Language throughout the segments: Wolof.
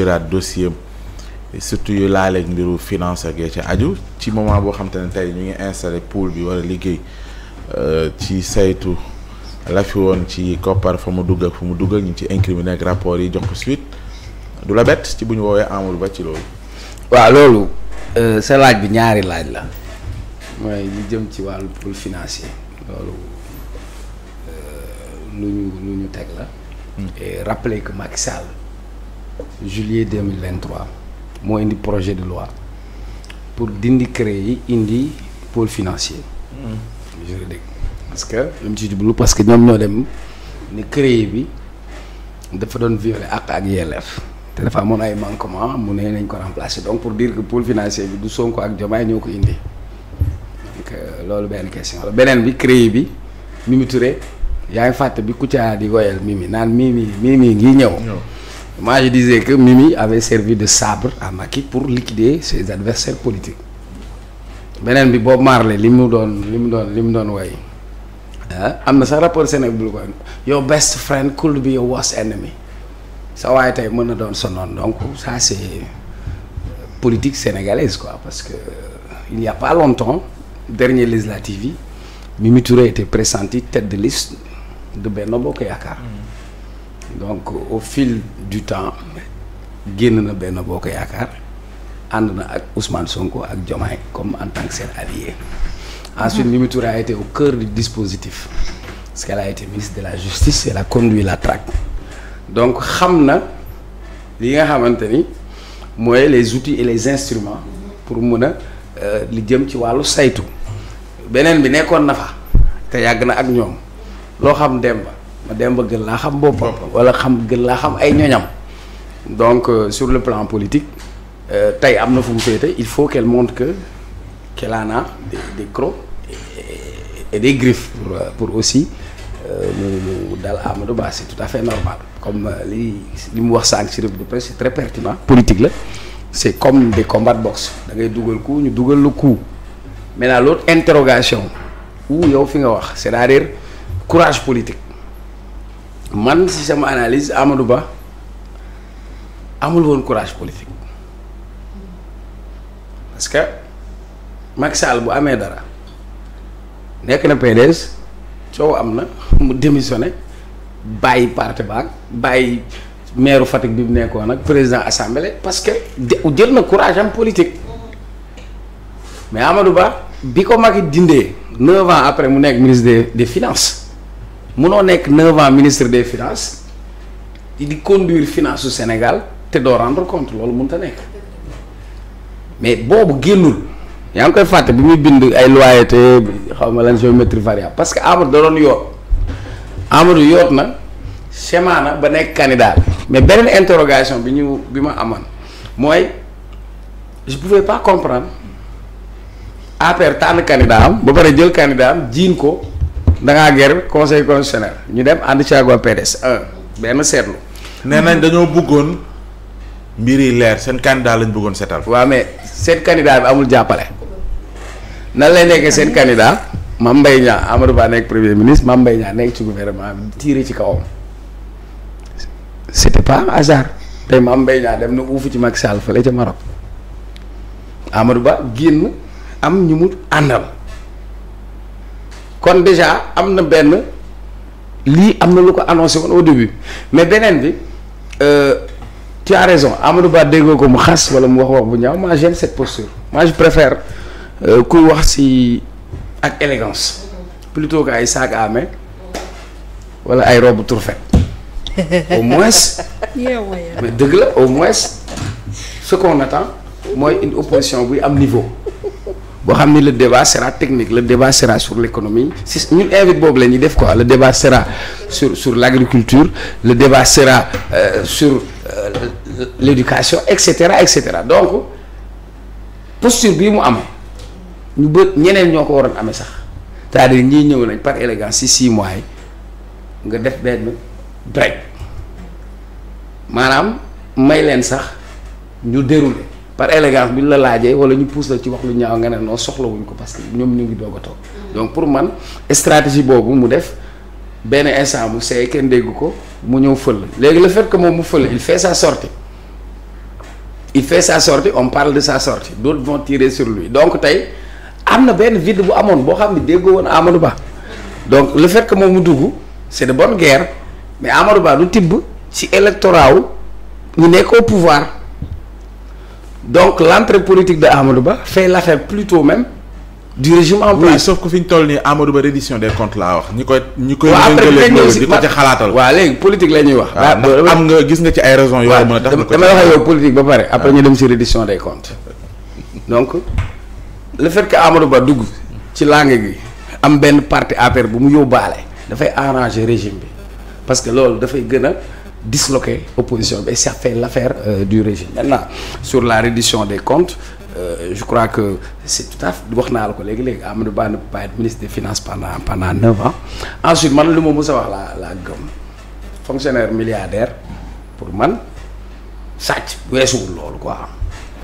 yoraat dossier surtout yu laaleeg mbiru finance ak ya ca aju ci moment boo xam te ne tey ñu ngi installé pool bi war a liggéey euh, ci saytu la fi woon ci koppar fa mu dugg ak fa mu dugg ak ñu ci incriminé ak rapport yi jox ko suite du la bett ci bu ñu woowee amul ba ci loolu. waaw loolu euh, sa laaj bi ñaari laaj la. mooy li jëm ci wàllu pool financier loolu euh, lu ñu lu ñu teg la. Hmm. et rappeler que Macky juillet 2023 moo indi projet de loi pour dindi créer yi indi pôle financier hmm. juridique parce que lu mu ci jublu parce que ñoom ñoo dem ni créer bi dafa doon violer àq ak yelleef te dafa amoon ay manquement mu ne nañ ko remplacer donc pour dire que pôle financier bi du Sonko ak Diomaye ñëw ko indi euh, loolu benn question la beneen bi créer bi Mimi Touré yaa ngi fàtte bi Kouthia di woyal Mimi naan Mimi Mimi ngi ñëw moi je disais que Mimi avait servi de sabre à Macky pour liquider ses adversaires politiques beneen bi Bob Marley li mu doon li mu doon li mu doon way ah, am na sa rapport Sénégal bu ko your best friend could be your worst enemy sa waaye tey mën na doon sonoon donc ça c' est politique sénégalaise quoi parce que euh, il y pas longtemps dernier législative yi Mimi Touré était pressenti tête de liste de Benno Bokk Yaakaar mm. donc au fil du temps génn na benn boo ko yaakaar ànd na ak Ousmane Sonko ak Diomaye comme en tant que seen allié. ensuite mhm. Mimi Touré a été au cœur du dispositif parce qu'elle a été ministre de la justice et elle conduit la traque donc xam na li nga xamante ni mooy les outils et les instruments pour mun a euh, li jëm ci wàllu saytu beneen bi nekkoon na te yàgg na ak ñoom loo xam dem ma dem ba gën laa xam boppam wala xam gën laa xam ay ñoñam donc euh, sur le plan politique euh, tey am na fu mu féete il faut qu'elle montre que qu'elle en a des des et, et des euh, pour aussi mu mu dal amado Ba c'est tout à fait normal comme li li mu wax sànq ci revue de presse c'est très pertinent la c'est comme des combats de boxe da ngay dugal coup ñu dugal lu coup maintenant l'autre interrogation où yow fi nga wax c'est-à-dire courage politique man si sama analyse Amadou Ba amul woon courage politique parce que Macky Sall bu amee dara nekk na PDS coow am na mu bàyyi parti baag bàyyi maire Fatick bi mu nekkoon ak président assemblée parce que jël na courage am politique mais Amadou Ba bi ko Macky dindee neuf ans après mu nekk ministre des des finances. munoo nekk 9 ans ministre des finances di conduire finance su Sénégal te doo rendre compte loolu mënut a nekk mais boobu génnul yaa ngi koy fàtte bi muy bind ay loyauté xaw ma lan géométrie variable parce que Amadou da doon yoot Amadou yoot na schéma na ba nekk candidat mais beneen interrogation bi ñu bi ma amoon mooy je pouvais pas comprendre APR tànn candidat am ba pare jël candidat am jiin ko. da ngaa ger conseil constitutionnel ñu dem ànd ci ak PDS un benn seetlu. nee nañ dañoo bëggoon mbir yi leer seen candidat lañ bëggoon seetal. waa mais seen candidat bi amul jàppale. nan lay nekkee seen candidat ma Mbaye Niang Amadou Ba nekk premier ministre Mame mbay Niang nekk ci gouvernement tiire ci kawam c'était pas un hasard tey Mame dem na uufu ci Macky Sall fële ca Maroc Amadou Ba génn am ñu mu àndal. kon déjà am na benn lii am na lu ko annoncé woon au début mais beneen bi euh, tu as raison Amadou Ba déggoo ko mu xas wala mu wax wax bu ñaaw moi j'aime cette posture moi je préfère euh, kuy wax si ak élégance plutôt que ay saag à main wala ay robe turfet au moins mais dëgg la au moins ce qu'on mooy une opposition buy am niveau boo xam ni le débat sera technique le débat sera sur l'économie si ñun invite boobu la ñuy def ko le débat sera sur sur l'agriculture le débat sera euh, sur euh, l'éducation et cetera et cetera donc posture bii mu am ñu bë ñeneen ñoo ko waroon amee sax c'est-à-dire ñii ñëw nañ par élégance si six mois yi nga def benn break maanaam may leen sax ñu dérouler par élégance bi ñu la laajee wala ñu puus la ci wax lu ñaaw nga ne non soxlawuñ ko parce que ñoom ñu ngi doog a toog donc pour man stratégie boobu mu def benn instant mu seey kenn dégg ko mu ñëw fël léegi le fait que moom mu fël il fait sa sortie il fait sa sortie on parle de sa sortie d'autres vont tirer sur lui donc tey am na benn vide bu amoon boo xam ne déggoo woon Amadou Ba donc lu fait que moom mu dugg c'est de bonne guerre mais Amadou Ba du tibb ci électorat donc l'entrée politique de Amadou Ba fait l'affaire plutôt même du régime en place. oui sauf que fi ñu toll nii Amadou Ba reddition des comptes laa wax ñi koy. ñi koy di ko ci xalaatal. waaw léegi politique la ñuy wax. Ah, am nga gis nga ci ay raisons. yoo mën a tax damay wax yow politique ba pare après ah. ñu dem si reddition des comptes donc le fait que Amadou Ba dugg ci langue gi am benn parti APR bu mu yóbbaale dafay arranger régime bi parce que loolu dafay gën a. disloquer opposition bi et ça fait l'affaire euh, du régime maintenant sur la reddition des comptes euh, je crois que c'est tout à fait wax naa la ko léegi-léegi Amadou Ba ne peut pas être ministre des finances pendant pendant neuf ans ensuite man lu ma mës a wax la la gëm fonctionnaire milliardaire pour man sàcc weesuwul loolu quoi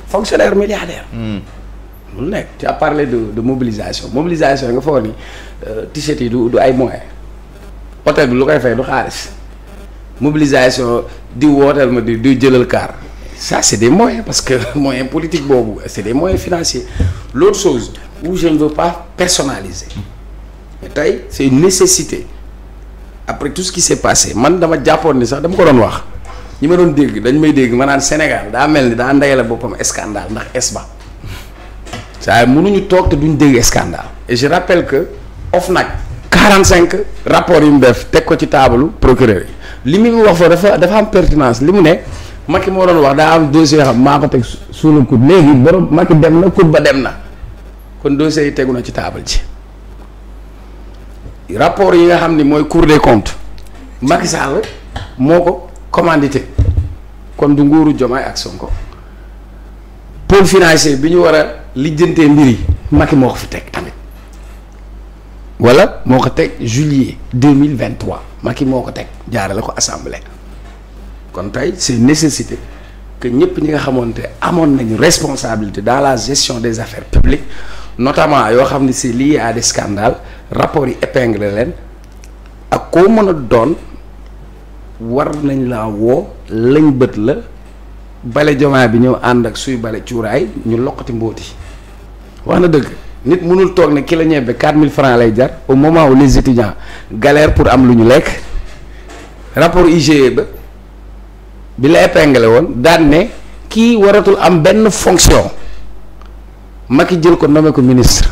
fonctionnaire milliardaire hmm. lu nekk tu as de de mobilisation mobilisation nga foog ni euh, t-shirt yi du ay moyens hôtel bi lu koy fay du xaalis mobilisation di wootal ma di di jëlal kaar ça c'est des moyens parce que moyen politique boobu c'est des moyens financiers l'autre chose où je ne veux pas personnaliser mais tey c'est une nécessité après tout ce qui s'est passé man dama jàppoon ni sax dama ko doon wax ñi ma doon dégg dañ may dégg ma naan Sénégal daa mel ni daa ndeyale boppam scandale ndax esba saa munuñu toog te duñ dégg scandale et je rappelle que OFNAC quarante cinq rapport yu mu def teg ko ci taabalu procureur yi li mu wax fa dafa dafa am pertinance li mu ne Macky moo doon wax daa am dossier yoo xam maa ko teg suuna kut léegi borom Macky dem na kut ba dem na kon dossier yi tegu na ci taabal ji rapport yi nga xam ni mooy cour des comptes Macky Sall moo ko commandité kon du nguuru Diomaye ak Sonko pôle financier bi ñu war a lijjantee mbir yi Macky moo ko fi teg tamit wala moo ko teg juillet deux mille vingt trois Macky moo ko teg jaarale ko assemblée kon tey c'est nécessité que ñëpp ñi nga xamante amoon nañu responsabilité dans la gestion des affaires publiques notamment yoo xam ne c'est lié à des scandales rapport yi épingle leen ak ko mën a doon war nañ laa woo lañ bët la bale jomaa bi ñëw ànd ak suy bale cuuraay ñu loqati mbooti wax na dëgg nit mënul toog ne kilo ñebbe mille francs lay jar au moment où les étudiants galèrent pour am lu ñu lekk rapport IGE ba bi la épinglé woon daan ne kii waratul am benn fonction Macky jël ko nommé ko ministre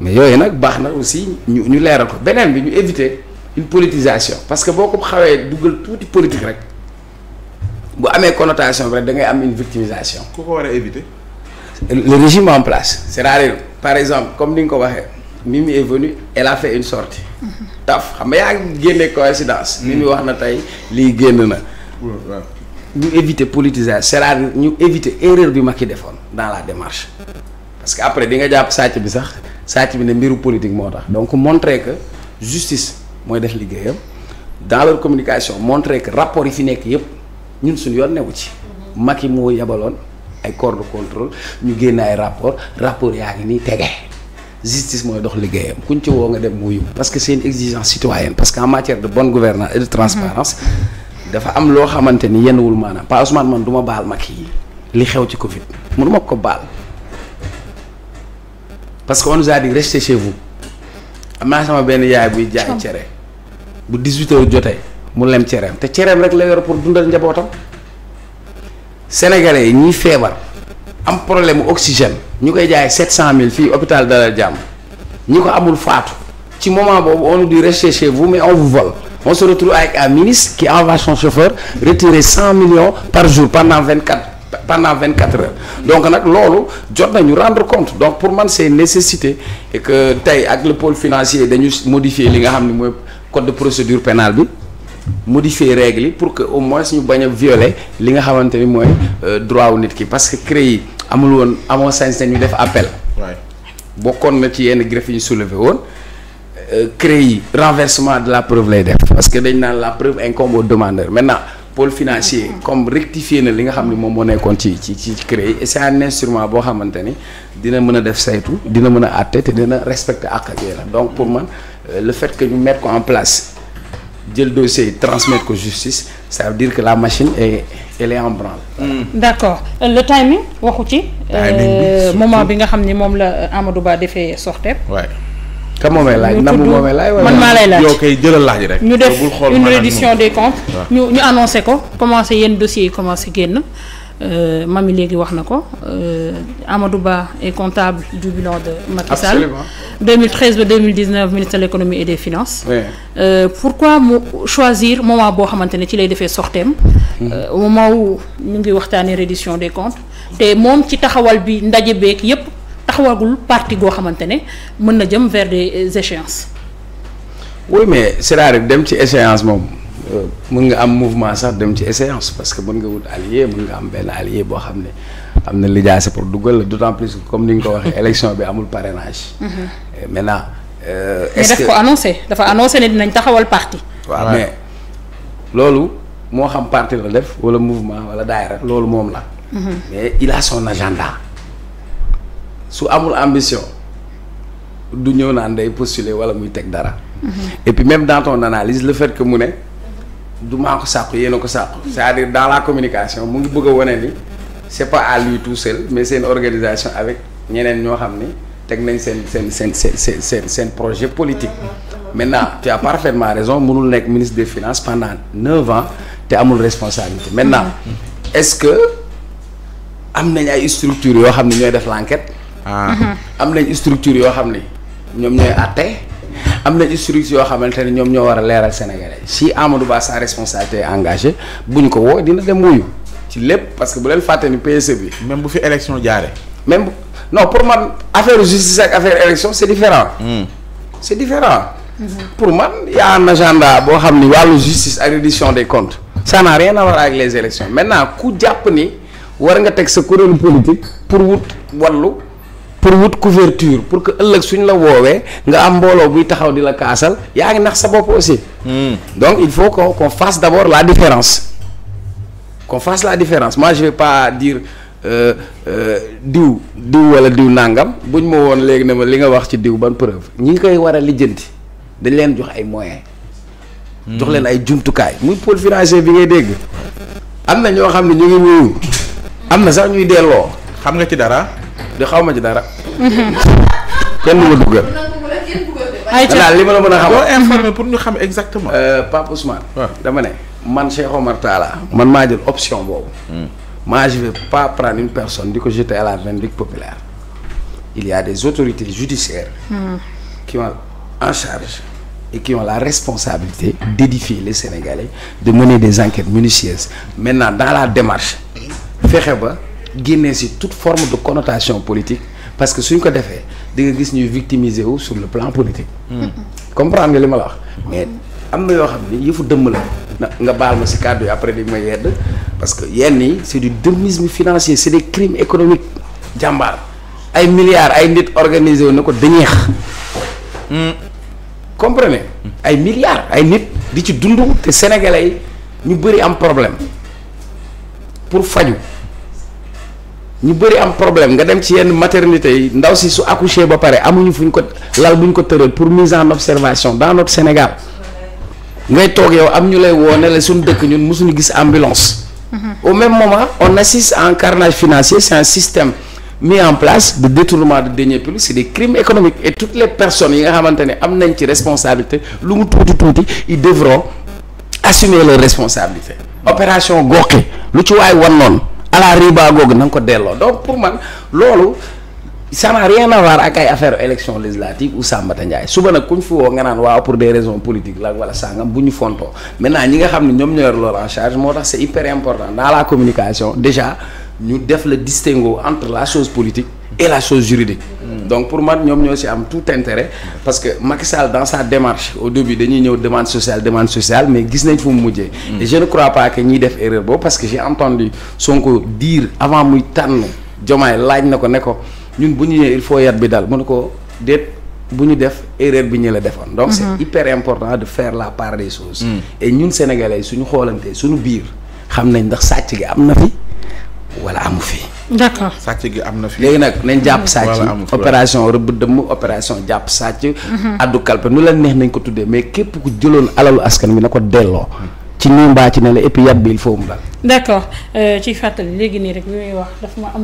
mais yooyu nag baax na aussi ñu ñu leeral ko beneen bi ñu éviter une politisation parce que boo ko xawee dugal tuuti politique rek bu amee connotation bi rek da ngay am une victimisation. ku ko war a éviter. le régime en place cest à par exemple comme ni nga ko waxee Mimi est venue elle a fait une sortie mm-hmm. taf xam nga yaa ngi génne coïncidence mm-hmm. Mimi wax na tey lii génn na ñu éviter politisation c'est-à-dire ñu éviter erreur bi Macky defoon dans la démarche parce que après di nga jàpp sàcc bi sax sàcc bi ne mbiru politique moo tax donc montrer que justice mooy def liggéeyam dans leur communication montrer que rapport yi fi nekk yépp ñun suñu yoon newu ci mm-hmm. Macky moo yebaloon ay corps de contrôle ñu génn ay rapport rapport yaa ngi nii tege justice mooy dox liggéeyam kuñ ci woo nga dem mu yóbbu parce que c'est une exigence citoyenne parce que en matière de bonne gouvernance de transparence dafa am loo xamante ni yenn wul maanaam Pa Ousmane man du ma baal yi li xew ci Covid mënu ma ko baal que on nous a dit restez chez vous am naa sama benn yaay buy jaay cere bu 18 jotee mu lem cereem te cereem rek la yor pour dundal njabootam. sénégalais yi ñuy feebar am problème oxygène ñu koy jaay sept cent mille fii hôpital Dalal Jàmm ñi ko amul faatu ci moment boobu on di dit restez vous mais on vous vole on se retrouve un ministre qui envoie son chauffeur retirer cent millions par jour pendant vingt quatre pendant vingt quatre heures donc nag loolu jot nañu rendre compte donc pour man c'est nécessité et que tey ak le pôle financier dañu modifier li nga xam ni mooy code de procédure pénale bi modifier règles yi pour que au moins ñu bañ a violer li nga xamante ni mooy euh, droit wu nit ki parce que CREI yi amul woon amoo sañ-sañ ñu def appel. bokkoon na ci yenn greffe yi soulever woon euh, CREI yi renversement de la preuve lay def parce que dañ naan la preuve incombe au demandeur maintenant. pôle financier comme rectifier na li nga xam ne moom moo nekkoon ci ci ci CREI et c'est un boo xamante ni dina mën a def saytu dina mën a àtte te dina respecter ak ak yéen donc pour man euh, le fait que ñu mettre ko en place. jël dossier yi transmettre ko justice ça veut dire que la machine est elle est en branle. Hmm. d' accord le timing waxu ci. Euh, moment bi nga xam ni moom la Amadou Ba defee sorteem. waay ka moomee laaj. nam moomee laaj wala man maa lay laaj yow kay jëlal laaj rek. ñu def une reddition des comptes. ñu ñu annoncé ko commencé yenn dossiers yi commencé génn. ma euh, mami léegi wax na ko euh, Amadou Ba est comptable du bilan de Macky Sall. absolument 2013 ba 2019 ministre de l' économie et des finances. Oui. Euh, pourquoi mu choisir moment boo xamante ne ci lay defee sorteem. Mhm. Euh, moment wu ñu ngi waxtaanee reddition des comptes. te moom ci taxawal bi ndaje beeg yépp taxawagul partie goo xamante ne mën na jëm vers des échéances. oui mais c'est dem ci échéance moom. Euh, mën nga am mouvement sax dem ci échéance parce que mën nga wut allié mën nga am benn allié boo xam ne am na lijaase pour duggal la d'autant plus comme ni nga ko waxee élection bi amul parrainage. Mhm. maintenant euh, est-ce mais que mais daf ko annoncé dafa annoncé taxawal parti. waaw mais loolu moo xam parti la def wala mouvement wala daayira loolu moom la. Mhm. mais il a son su amul ambition du ñëw naan day postuler wala muy teg dara. Mhm. et puis même analyse le fait que mu ne. du maa ko sàqu yéen ko sàqu c'est-à-dire dans la communication mu ngi bëgg a wane ni c'est pas à lui tout seul mais c'est une organisation avec ñeneen ñoo xam ni teg nañ seen seen seen seen seen seen projet politique. maintenant tu as parfaitement raison mënul nekk ministre des finances pendant neuf ans te amul responsabilité maintenant est-ce que am nañ ay structures yoo xam ne ñooy def l'enquête. Ah. am nañ structure yoo xam ni ñoom ñooy àtte. am na structure yoo xamante ne ñoom ñoo war a leeral Sénégalais si Amadou Ba sa responsabilité engagé bu ñu ko woo dina dem wuyu ci lépp parce que bu leen fàtte ni PSE bi. même bu fi élection jaaree. même non pour man affaire justice ak affaire élection c' est différent. Mmh. c' différent. pour man y' a un agenda boo xam ni wàllu justice ak reddition des comptes. ça n'a rien à voir les élections maintenant ku jàpp ni war nga teg sa kuréelu politique pour wut wallu pour wut couverture pour que ëllëg suñ la woowee nga am mbooloo buy taxaw di la kaasal yaa ngi nax sa bopp aussi. Hmm. donc il faut qu'on qu'on fasse d'abord la différence qu'on fasse la différence moi je vais pas dire. Euh, euh, diw diw wala diw nangam buñ ma woon léegi ne ma li nga wax ci diw ban preuve ngi koy war a lijjanti dañ leen jox ay moyens. Hmm. jox leen ay jumtukaay muy pôle financier bi ngay dégg am na ñoo xam ne ñu ngi wuyu am na sax ñuy delloo. xam nga ci dara. di xaw ma ci dara. kenn du ma duggal. daal li ma la mën a xam. boo informé pour ñu xam exactement. Euh, Pape a dama ne man Cheikh Omar man maa jël option boobu. moi hmm. je vais pas prendre une personne di ko jeter à la vindicte populaire. il y a des autorités judiciaires. Hmm. qui ont en charge. et qui ont la responsabilité d'édifier les Sénégalais de mener des enquêtes minutieuses maintenant dans la démarche fexe ba. génnee si toute forme de connotation politique parce que suñ ko defee di nga gis ñuy victimiser wu sur le plan politique. Hmm. comprendre nga li ma la wax. mais am na yoo xam ni yëfu dëmm la. na nga baal ma si kàddu yi après di ma yedd parce que yenn yi c' est du démisme financier c' est des crimes économiques jàmbaar ay milliards ay nit organisé wu na ko dañeex hmm. comprenez ay milliards ay nit di ci dund te sénégalais yi ñu bëri am problème pour faju ñu bëri am problème nga dem ci yenn maternité yi ndaw si su accouché ba pare amuñu fuñ ko lal buñ ko tëral pour mise en observation dans not Sénégal ngay toog yow am ñu lay woone ne la suñ dëkk ñun mosuñu gis ambulance. au même moment on assiste à un carnage financier c'est un système mis en place de détournement de deniers publics c'est des crimes économiques et toutes les personnes yi nga xamante am nañ ci responsabilité lu mu tuuti tuuti ils devront assumer leurs responsabilités. opération gox lu ci waay wan noonu. à la riba googu na ko delloo donc pour man loolu ça n'a rien à ak ay affaire élection législative ou Sambata Ndiaye suba nag ku ñu woo nga naan waaw pour des raisons politiques la wala sangam bu ñu fontoo maintenant ñi nga xam ne ñoom ñoo yor loolu en charge moo tax c'est hyper important dans la communication déjà ñu def le distinguo entre la chose politique et la chose juridique. donc pour man ñoom ñoo ci am tout intérêt parce que Macky Sall dans sa démarche au début dañuy ñëw demande sociale demande sociale mais gis nañ fu mu mujjee. Hmm. et je ne crois pas que ñiy def erreur boobu parce que j'ai entendu Sonko dire avant muy tànn Diomaye laaj na ko ne ko ñun bu ñu ñëwee il faut yat bi dal mu ne ko déet bu ñu def erreur bi ñu la defoon. donc c'est hmm. hyper important de fair la part des choses. Hmm. et ñun sénégalais suñu xoolante suñu biir xam nañ ndax sàcc gi am na fi wala amu fi. d'accord sàcc gi am na fi. léegi nag nañ jàpp sàcc opération rëbb dëmm opération jàpp sàcc. Mhm. addu kalpe nu la neex nañ ko tuddee mais képp ku jëloon alalu askan bi na ko delloo. ci nii mbaa ci ne la et puis yat bi mu dal. d'accord euh, ci fàttali léegi nii rek bi muy wax daf ma am.